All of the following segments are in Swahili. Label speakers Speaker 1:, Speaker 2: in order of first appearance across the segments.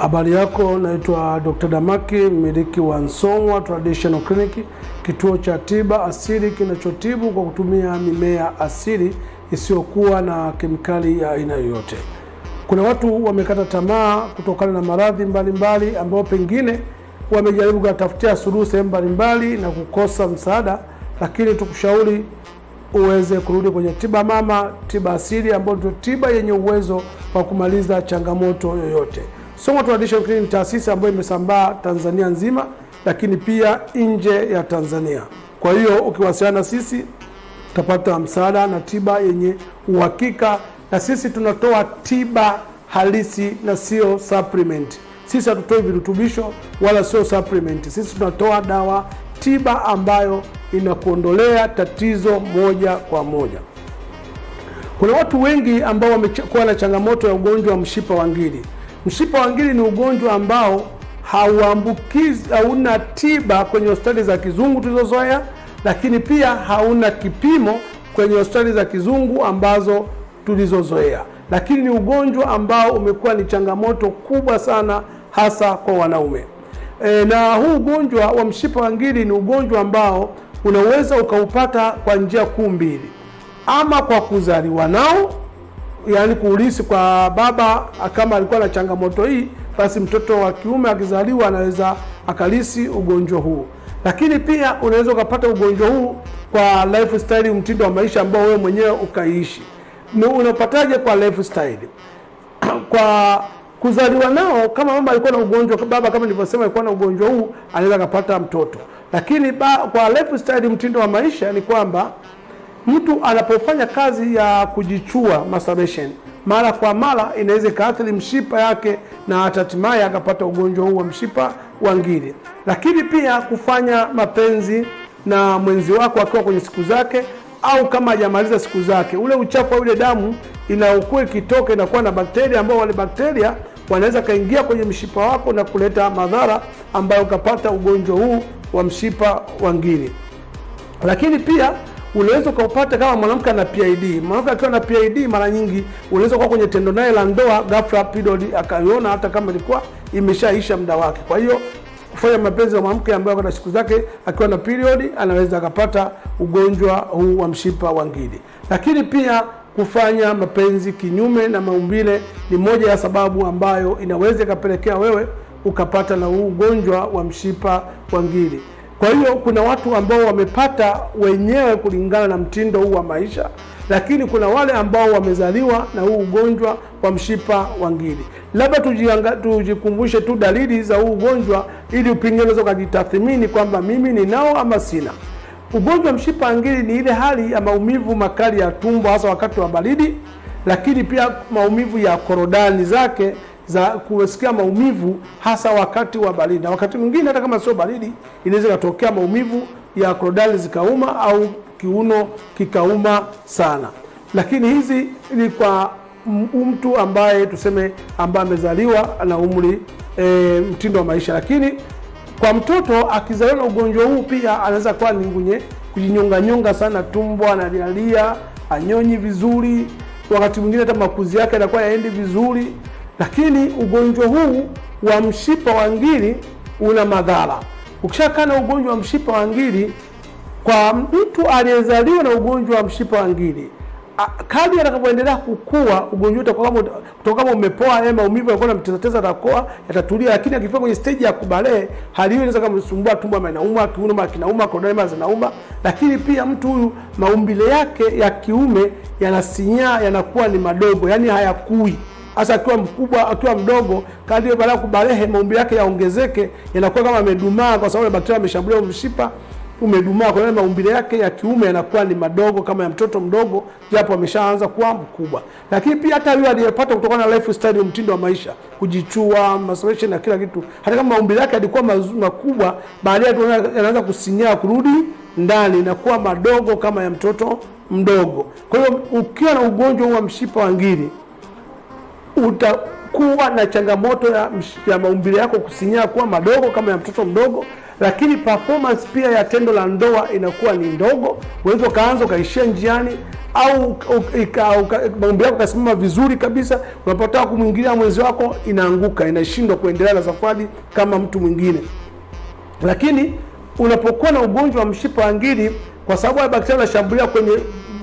Speaker 1: Habari yako, naitwa Dr. Damaki, mmiliki wa Song'wa Traditional Clinic, kituo cha tiba asili kinachotibu kwa kutumia mimea asili isiyokuwa na kemikali ya aina yoyote. Kuna watu wamekata tamaa kutokana na maradhi mbalimbali ambao pengine wamejaribu kutafutia suluhu sehemu mbalimbali na kukosa msaada, lakini tukushauri uweze kurudi kwenye tiba mama, tiba asili ambayo ndio tiba yenye uwezo wa kumaliza changamoto yoyote. Song'wa Traditional Clinic ni taasisi ambayo imesambaa Tanzania nzima, lakini pia nje ya Tanzania. Kwa hiyo ukiwasiliana sisi utapata msaada na tiba yenye uhakika, na sisi tunatoa tiba halisi na sio supplement. Sisi hatutoi virutubisho wala sio supplement. Sisi tunatoa dawa tiba ambayo inakuondolea tatizo moja kwa moja. Kuna watu wengi ambao wamekuwa na changamoto ya ugonjwa wa mshipa wa ngiri. Mshipa wa ngiri ni ugonjwa ambao hauambukizi, hauna tiba kwenye hospitali za kizungu tulizozoea, lakini pia hauna kipimo kwenye hospitali za kizungu ambazo tulizozoea, lakini ni ugonjwa ambao umekuwa ni changamoto kubwa sana hasa kwa wanaume. E, na huu ugonjwa wa mshipa wa ngiri ni ugonjwa ambao unaweza ukaupata kwa njia kuu mbili, ama kwa kuzaliwa nao yani kuulisi kwa baba kama alikuwa na changamoto hii, basi mtoto wa kiume akizaliwa anaweza akalisi ugonjwa huu. Lakini pia unaweza ukapata ugonjwa huu kwa lifestyle, mtindo wa maisha ambao wewe mwenyewe ukaiishi. Ni unapataje kwa lifestyle? kwa kuzaliwa nao, kama mama alikuwa na ugonjwa, baba kama nilivyosema alikuwa na ugonjwa huu, anaweza akapata mtoto. Lakini ba, kwa lifestyle, mtindo wa maisha ni kwamba mtu anapofanya kazi ya kujichua masturbation mara kwa mara inaweza ikaathiri mshipa yake na hatimaye akapata ugonjwa huu wa mshipa wa ngiri. Lakini pia kufanya mapenzi na mwenzi wako akiwa kwenye siku zake au kama hajamaliza siku zake, ule uchafu wa ule damu inaokuwa ikitoka inakuwa na bakteria ambao wale bakteria wanaweza kaingia kwenye mshipa wako na kuleta madhara ambayo ukapata ugonjwa huu wa mshipa wa ngiri. Lakini pia unaweza ukaupata kama mwanamke ana PID. Mwanamke akiwa na PID, mara nyingi unaweza kuwa kwenye tendo naye la ndoa, ghafla period akaiona, hata kama ilikuwa imeshaisha muda wake. Kwa hiyo kufanya mapenzi na mwanamke ambaye ana siku zake akiwa na period, anaweza akapata ugonjwa huu wa mshipa wa ngiri. Lakini pia kufanya mapenzi kinyume na maumbile ni moja ya sababu ambayo inaweza ikapelekea wewe ukapata na huu ugonjwa wa mshipa wa ngiri. Kwa hiyo kuna watu ambao wamepata wenyewe kulingana na mtindo huu wa maisha, lakini kuna wale ambao wamezaliwa na huu ugonjwa wa mshipa wa ngiri. Labda tujikumbushe tu dalili za huu ugonjwa, ili upinge, unaweza ukajitathmini kwamba mimi ninao ama sina. Ugonjwa wa mshipa wa ngiri ni ile hali ya maumivu makali ya tumbo, hasa wakati wa baridi, lakini pia maumivu ya korodani zake za kusikia maumivu hasa wakati wa baridi, na wakati mwingine hata kama sio baridi inaweza ikatokea maumivu ya korodali zikauma au kiuno kikauma sana. Lakini hizi ni kwa mtu ambaye tuseme, ambaye amezaliwa na umri e, mtindo wa maisha. Lakini kwa mtoto akizaliwa na ugonjwa huu pia anaweza kuwa ni mwenye kujinyonganyonga sana, tumbo analialia, anyonyi vizuri, wakati mwingine hata makuzi yake yanakuwa yaendi vizuri. Lakini ugonjwa huu wa mshipa wa ngiri una madhara. Ukishakaa na ugonjwa wa mshipa wa ngiri, kwa mtu aliyezaliwa na ugonjwa wa mshipa wa ngiri, kadri atakapoendelea kukua, ugonjwa utakuwa kama umepoa, yeye yaani maumivu yanakuwa yanamtezateza, atakoa, yatatulia. Lakini akifika kwenye stage ya kubalee, hali hiyo inaweza kumsumbua, tumbo linauma, kiuno kinauma, korodani zinauma. Lakini pia mtu huyu maumbile yake ya kiume yanasinyaa, yanakuwa ni madogo, yani hayakui hasa akiwa mkubwa, akiwa mdogo, kadri baada ya kubalehe maumbi yake yaongezeke, yanakuwa kama amedumaa, kwa sababu bakteria ameshambulia mshipa umedumaa kwa maana maumbile yake ya kiume yanakuwa ni madogo kama ya mtoto mdogo, japo ameshaanza kuwa mkubwa. Lakini pia hata yule aliyepata kutokana na lifestyle, mtindo wa maisha, kujichua, masturbation na kila kitu, hata kama maumbile yake yalikuwa makubwa, baadaye yanaanza kusinyaa, kurudi ndani na kuwa madogo kama ya mtoto mdogo. Kwa hiyo ukiwa na ugonjwa wa mshipa wa ngiri utakuwa na changamoto ya, ya maumbile yako kusinyaa kuwa madogo kama ya mtoto mdogo, lakini performance pia ya tendo la ndoa inakuwa ni ndogo. Unaweza ukaanza ukaishia njiani au maumbile yako ukasimama vizuri kabisa, unapotaka kumwingilia mwenzi wako inaanguka, inashindwa kuendelea na safari kama mtu mwingine. Lakini unapokuwa na ugonjwa wa mshipa wa ngiri, kwa sababu ya bakteria unashambulia kwenye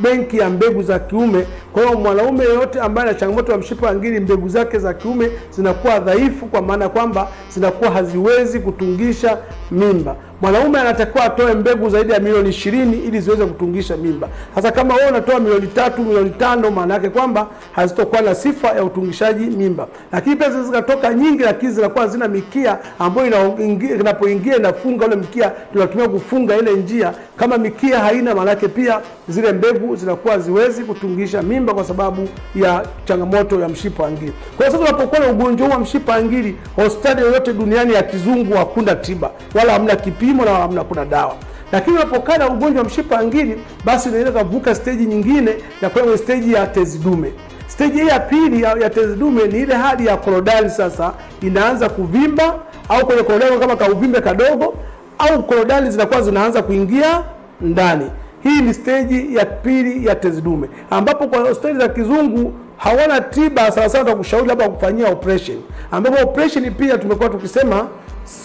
Speaker 1: benki ya mbegu za kiume, kwa hiyo mwanaume yeyote ambaye ana changamoto ya mshipa wa ngiri, mbegu zake za kiume zinakuwa dhaifu, kwa maana ya kwamba zinakuwa haziwezi kutungisha mimba. Mwanaume anatakiwa atoe mbegu zaidi ya milioni ishirini ili ziweze kutungisha mimba. Sasa kama wewe unatoa milioni tatu, milioni tano, maana yake kwamba hazitokuwa na sifa ya utungishaji mimba. Lakini pesa zikatoka nyingi, lakini zinakuwa hazina mikia ambayo inapoingia inafunga ule mkia, tunatumia kufunga ile njia. Kama mikia haina, maana yake pia zile mbegu zinakuwa haziwezi kutungisha mimba mimba kwa sababu ya changamoto ya mshipa wa ngiri. Kwa hiyo sasa, unapokuwa na ugonjwa huu wa mshipa wa ngiri, hospitali yoyote duniani ya kizungu hakuna tiba wala hamna kipimo na hamna kuna dawa lakini unapokaa na ugonjwa wa mshipa wa ngiri basi unaweza kuvuka steji nyingine na kwenda steji ya tezi dume. Steji hii ya pili ya, ya tezi dume ni ile hali ya korodani. Sasa inaanza kuvimba au kwenye korodani kama kauvimbe kadogo au korodani zinakuwa zinaanza kuingia ndani. Hii ni steji ya pili ya tezi dume, ambapo kwa hospitali za kizungu hawana tiba sana sana, takushauri labda kufanyia operation, ambapo operation pia tumekuwa tukisema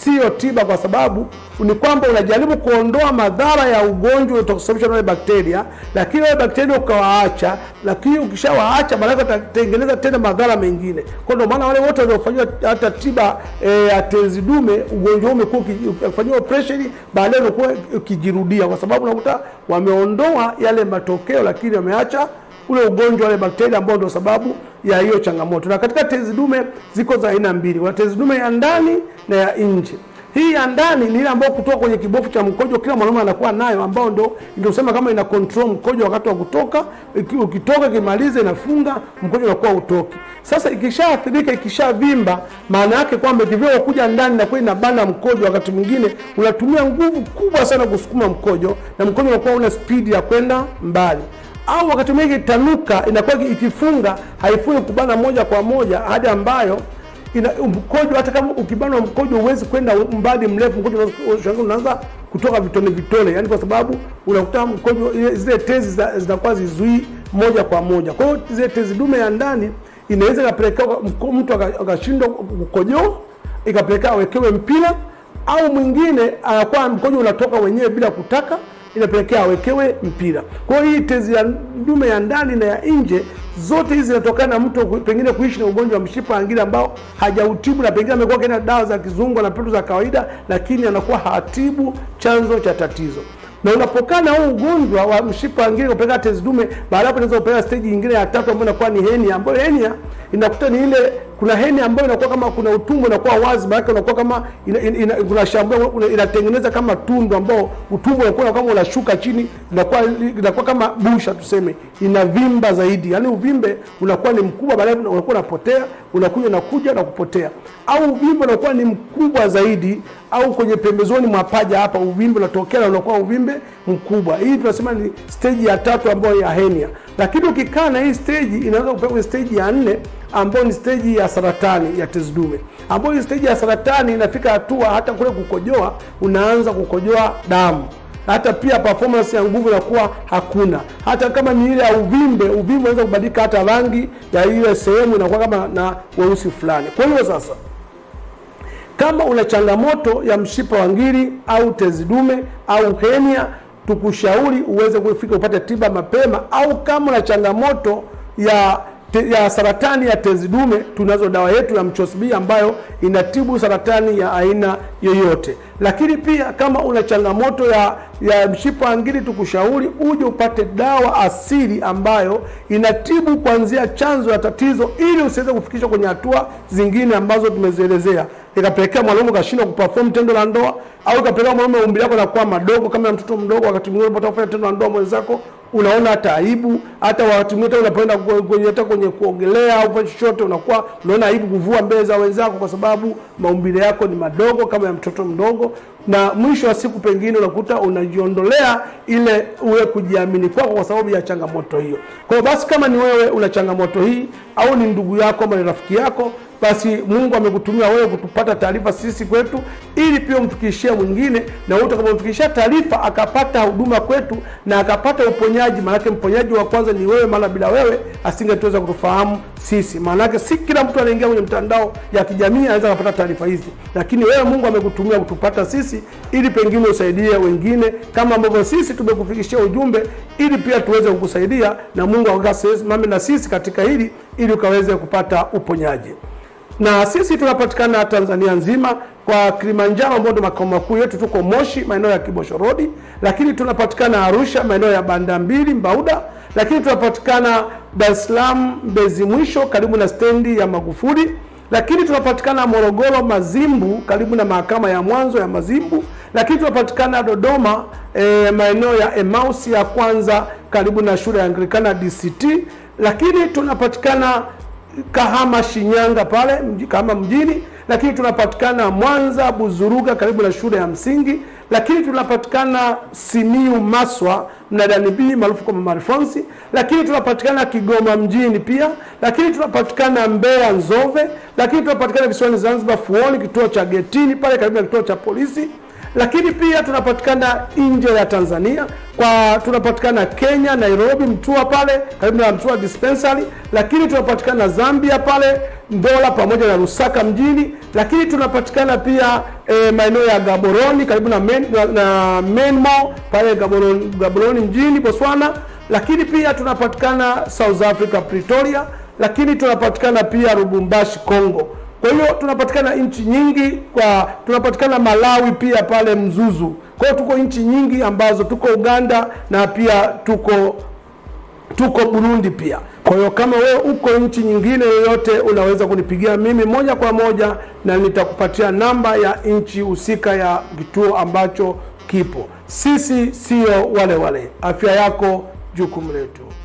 Speaker 1: siyo tiba, kwa sababu ni kwamba unajaribu kuondoa madhara ya ugonjwa unaosababishwa na wale bakteria, lakini wale bakteria ukawaacha, lakini ukishawaacha maanake watatengeneza tena madhara mengine. Kwa ndio maana wale wote waliofanyiwa hata tiba e, tezi dume, ugonjwa huu umekuwa ukifanyiwa operesheni, baadaye unakuwa ukijirudia, kwa sababu unakuta wameondoa yale matokeo, lakini wameacha ule ugonjwa wale bakteria ambao ndio sababu ya hiyo changamoto. Na katika tezi dume ziko za aina mbili, kuna tezi dume ya ndani na ya nje. Hii ya ndani ni ile ambayo kutoka kwenye kibofu cha mkojo kila mwanaume anakuwa nayo, ambao ndio ndio sema kama ina control mkojo wakati wa kutoka. Ukitoka kimalize inafunga mkojo unakuwa utoki. Sasa ikishaathirika, ikishavimba, maana yake kwamba kivyo kuja ndani na kweli inabana mkojo, wakati mwingine unatumia nguvu kubwa sana kusukuma mkojo na mkojo unakuwa una spidi ya kwenda mbali au wakati mwingi tanuka, inakuwa ikifunga, haifungi kubana moja kwa moja, hadi ambayo ina mkojo. Hata kama ukibanwa mkojo, huwezi kwenda mbali mrefu, mkojo unaanza kutoka vitone vitone, yani kwa sababu unakuta mkojo, zile tezi zinakuwa zizuii moja kwa moja. Kwa hiyo zile tezi dume ya ndani inaweza ikapelekea mtu akashindwa kukojoa, ikapelekea awekewe mpira, au mwingine anakuwa mkojo unatoka wenyewe bila kutaka inapelekea awekewe mpira. Kwa hiyo hii tezi ya dume ya ndani na ya nje, zote hizi zinatokana na mtu pengine kuishi na ugonjwa wa mshipa ngiri ambao hajautibu, na pengine amekuwa kaenda dawa za kizungu na petu za kawaida, lakini anakuwa hatibu chanzo cha tatizo na unapokaa na huu ugonjwa wa mshipa ngiri kupeleka tezi dume, baada hapo unaweza kupeleka steji nyingine ya tatu ambayo inakuwa ni henia, ambayo henia inakuta ni ile kuna heni ambayo inakuwa kama kuna utumbo inakuwa wazi, maana unakuwa kama ina, ina, inatengeneza kama tundu ambao utumbo unakuwa kama unashuka chini, inakuwa inakuwa kama busha tuseme, inavimba zaidi. Yani uvimbe unakuwa ni mkubwa, baadaye unakuwa unapotea, unakuja unakuja na kupotea, au uvimbe unakuwa ni mkubwa zaidi, au kwenye pembezoni mwa paja hapa uvimbe unatokea na unakuwa uvimbe mkubwa. Hii tunasema ni stage ya tatu ambayo ya henia, lakini ukikaa na hii stage inaweza kupewa stage ya nne ambayo ni steji ya saratani ya tezi dume, ambayo ni steji ya saratani inafika hatua hata kule kukojoa, unaanza kukojoa damu hata pia performance ya nguvu inakuwa hakuna. Hata kama ni ile ya uvimbe, uvimbe unaweza kubadilika hata rangi ya ile sehemu inakuwa kama na weusi fulani. Kwa hiyo sasa, kama una changamoto ya mshipa wa ngiri au tezi dume au henia, tukushauri uweze kufika upate tiba mapema, au kama una changamoto ya ya saratani ya tezi dume tunazo dawa yetu ya mchosbi ambayo inatibu saratani ya aina yoyote. Lakini pia kama una changamoto ya, ya mshipa wa ngiri, tukushauri uje upate dawa asili ambayo inatibu kuanzia chanzo ya tatizo, ili usiweze kufikishwa kwenye hatua zingine ambazo tumezielezea, ikapelekea mwanaume ukashindwa kuperform tendo la ndoa, au ikapelekea mwanaume umbi wako na madogo kama ya mtoto mdogo. Wakati mwingine unapotaka kufanya tendo la ndoa mwenzako unaona hata aibu, hata watu wengine unapoenda kwenye hata kwenye kuogelea au chochote, unakuwa unaona aibu kuvua mbele za wenzako, kwa sababu maumbile yako ni madogo kama ya mtoto mdogo, na mwisho wa siku pengine unakuta unajiondolea ile uwe kujiamini kwako kwa sababu ya changamoto hiyo. Kwa hiyo basi, kama ni wewe una changamoto hii au ni ndugu yako ama ni rafiki yako basi Mungu amekutumia wewe kutupata taarifa sisi kwetu, ili pia umfikishie mwingine, na utakapomfikishia taarifa akapata huduma kwetu na akapata uponyaji. Maanake mponyaji wa kwanza ni wewe, maana bila wewe asingetuweza kutufahamu sisi. Maanake si kila mtu anaingia kwenye mtandao ya kijamii anaweza akapata taarifa hizi, lakini wewe Mungu amekutumia kutupata sisi, ili pengine usaidie wengine, kama ambavyo sisi tumekufikishia ujumbe, ili pia tuweze kukusaidia, na Mungu akasimame na sisi katika hili, ili ukaweze kupata uponyaji na sisi tunapatikana Tanzania nzima kwa Kilimanjaro ambao ndio makao makuu yetu, tuko Moshi maeneo ya Kibosho Road, lakini tunapatikana Arusha maeneo ya Banda Mbili Mbauda, lakini tunapatikana Dar es Salaam Mbezi Mwisho karibu na stendi ya Magufuli, lakini tunapatikana Morogoro Mazimbu karibu na mahakama ya mwanzo ya Mazimbu, lakini tunapatikana Dodoma e, maeneo ya Emausi ya kwanza karibu na shule ya Anglikana DCT, lakini tunapatikana Kahama, Shinyanga pale mji, Kahama mjini, lakini tunapatikana Mwanza Buzuruga, karibu na shule ya msingi, lakini tunapatikana Simiu Maswa mnadani B maarufu kama Marifonsi, lakini tunapatikana Kigoma mjini pia, lakini tunapatikana Mbeya Nzove, lakini tunapatikana visiwani Zanzibar Fuoni, kituo cha Getini pale karibu na kituo cha polisi lakini pia tunapatikana nje ya Tanzania kwa tunapatikana Kenya, Nairobi, Mtua pale karibu na Mtua dispensary, lakini tunapatikana Zambia pale Ndola pamoja na Lusaka mjini, lakini tunapatikana pia e, maeneo ya Gaboroni karibu na, men, na, na Menmo pale Gaboroni, Gaboroni mjini Botswana, lakini pia tunapatikana South Africa Pretoria, lakini tunapatikana pia Lubumbashi Congo. Kwa hiyo tunapatikana nchi nyingi kwa, tunapatikana Malawi pia pale Mzuzu. Kwa hiyo tuko nchi nyingi ambazo tuko Uganda na pia tuko tuko Burundi pia. Kwa hiyo kama wewe uko nchi nyingine yoyote, unaweza kunipigia mimi moja kwa moja, na nitakupatia namba ya nchi husika ya kituo ambacho kipo. Sisi sio wale wale. Afya yako jukumu letu.